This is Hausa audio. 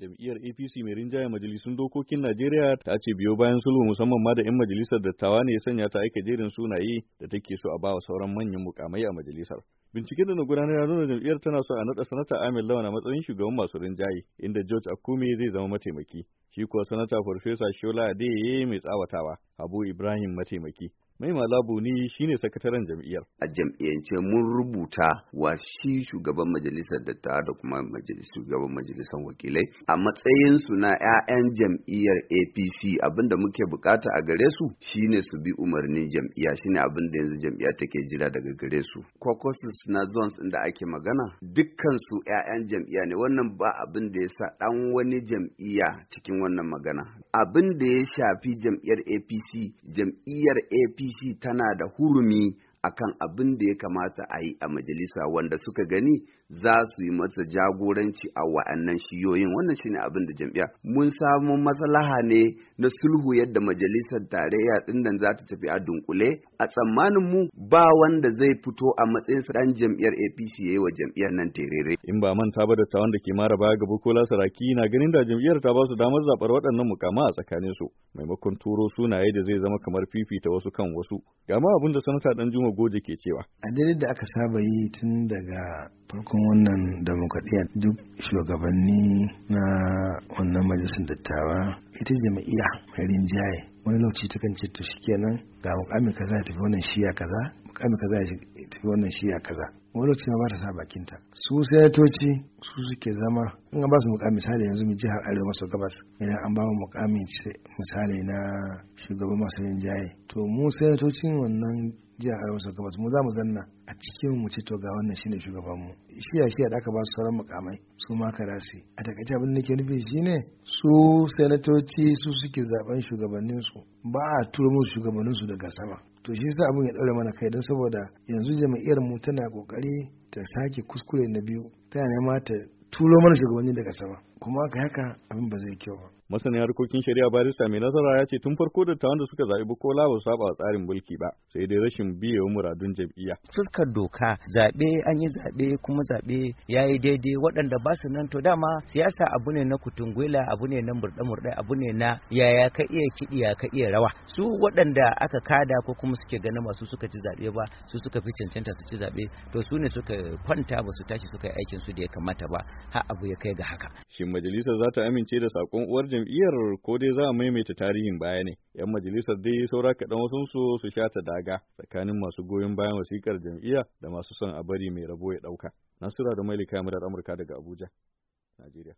jam'iyyar apc mai rinjaye majalisun dokokin najeriya ta ce biyo bayan sulhu musamman ma da 'yan majalisar dattawa ne ya sanya ta aika jerin sunaye da take so a ba wa sauran manyan mukamai a majalisar Binciken da na gudanar ya nuna jam'iyyar tana so a naɗa sanata Amin lawan a matsayin shugaban masu rinjaye inda george akume zai zama mataimaki shi kuwa sanata farfesa shola adeyeye mai tsawatawa abu ibrahim mataimaki Mai Malabo ne shine sakataren jam'iyyar. A jam'iyyance mun rubuta wa shi shugaban majalisar dattawa da kuma shugaban majalisar wakilai a matsayin su na 'ya'yan jam'iyyar APC abinda muke bukata a gare su shine su bi umarnin jam'iyya shine abin da yanzu jam'iyya take jira daga gare su. Caucuses na zones inda ake magana dukkan su 'ya'yan jam'iyya ne wannan ba abin da ya sa dan wani jam'iyya cikin wannan magana. Abin da ya shafi jam'iyyar APC jam'iyyar APC ICC tana da hurumi akan abin da ya kamata a yi a majalisa wanda suka gani za su yi masa jagoranci a wa'annan shiyoyin wannan shine abin da jam'iyya mun samu maslaha ne na sulhu yadda majalisar tarayya din nan za ta tafi a dunkule a tsammanin mu ba wanda zai fito a matsayin sa dan jam'iyyar APC yayi wa jam'iyyar nan terere in ba manta ba da tawan da ke mara baya ga Bukola Saraki na ganin da jam'iyyar ta ba su damar zabar waɗannan mukama a tsakanin su maimakon turo sunaye da zai zama kamar fifita wasu kan wasu ga ma abin da sanata dan Juma gode ke cewa. A daidai da aka saba yi tun daga farkon wannan demokradiyya duk shugabanni na wannan majalisar dattawa ita jama'iya mai rinjaye wani lokaci ta kan ce shi kenan ga mukamin kaza ya tafi wannan shiya kaza mukamin kaza ya tafi wannan shiya kaza wani lokaci ma ba ta sa bakinta su sanatoci su suke zama in ba su muka misali yanzu mu jihar arewa maso gabas idan an ba mu mukami misali na shugaban masu jaye to mu sanatocin wannan jihar arewa maso gabas mu za mu zanna a cikin mu ce to ga wannan shine shugaban mu shiya shi da aka ba su sauran mukamai su ma karasi a takaice abin da ke nufi shine su sanatoci su suke zaben shugabannin su ba a turo musu shugabannin su daga sama to shi yasa abin ya daure mana kai don saboda yanzu jami'ar mu tana kokari ta sake kuskure na biyu ta nema mata turo mana shugabanni daga sama kuma haka haka abin ba zai kyau ba masanin harkokin shari'a barista mai nasara ya ce tun farko da tawanda suka zaɓi bukola ba saba wa tsarin mulki ba sai dai rashin biye muradun jam'iyya fuskar doka zaɓe an yi zaɓe kuma zaɓe ya yi daidai waɗanda ba su nan to dama siyasa abu ne na kutungwila abu ne na murɗe murɗe abu ne na yaya ka iya kiɗi ya ka iya rawa su waɗanda aka kada ko kuma suke ganin masu suka ci zaɓe ba su suka fi cancanta su ci zaɓe to su ne suka kwanta ba su tashi suka yi aikin su da ya kamata ba har abu ya kai ga haka. Shin majalisar za ta amince da sakon uwar jam'iyyar ko dai za a maimaita tarihin baya ne? 'Yan majalisar dai saura kaɗan wasu su su sha ta daga tsakanin masu goyon bayan wasikar jam'iyya da masu son a bari mai rabo ya ɗauka. Nasura da Malika Yamurar Amurka daga Abuja, Najeriya.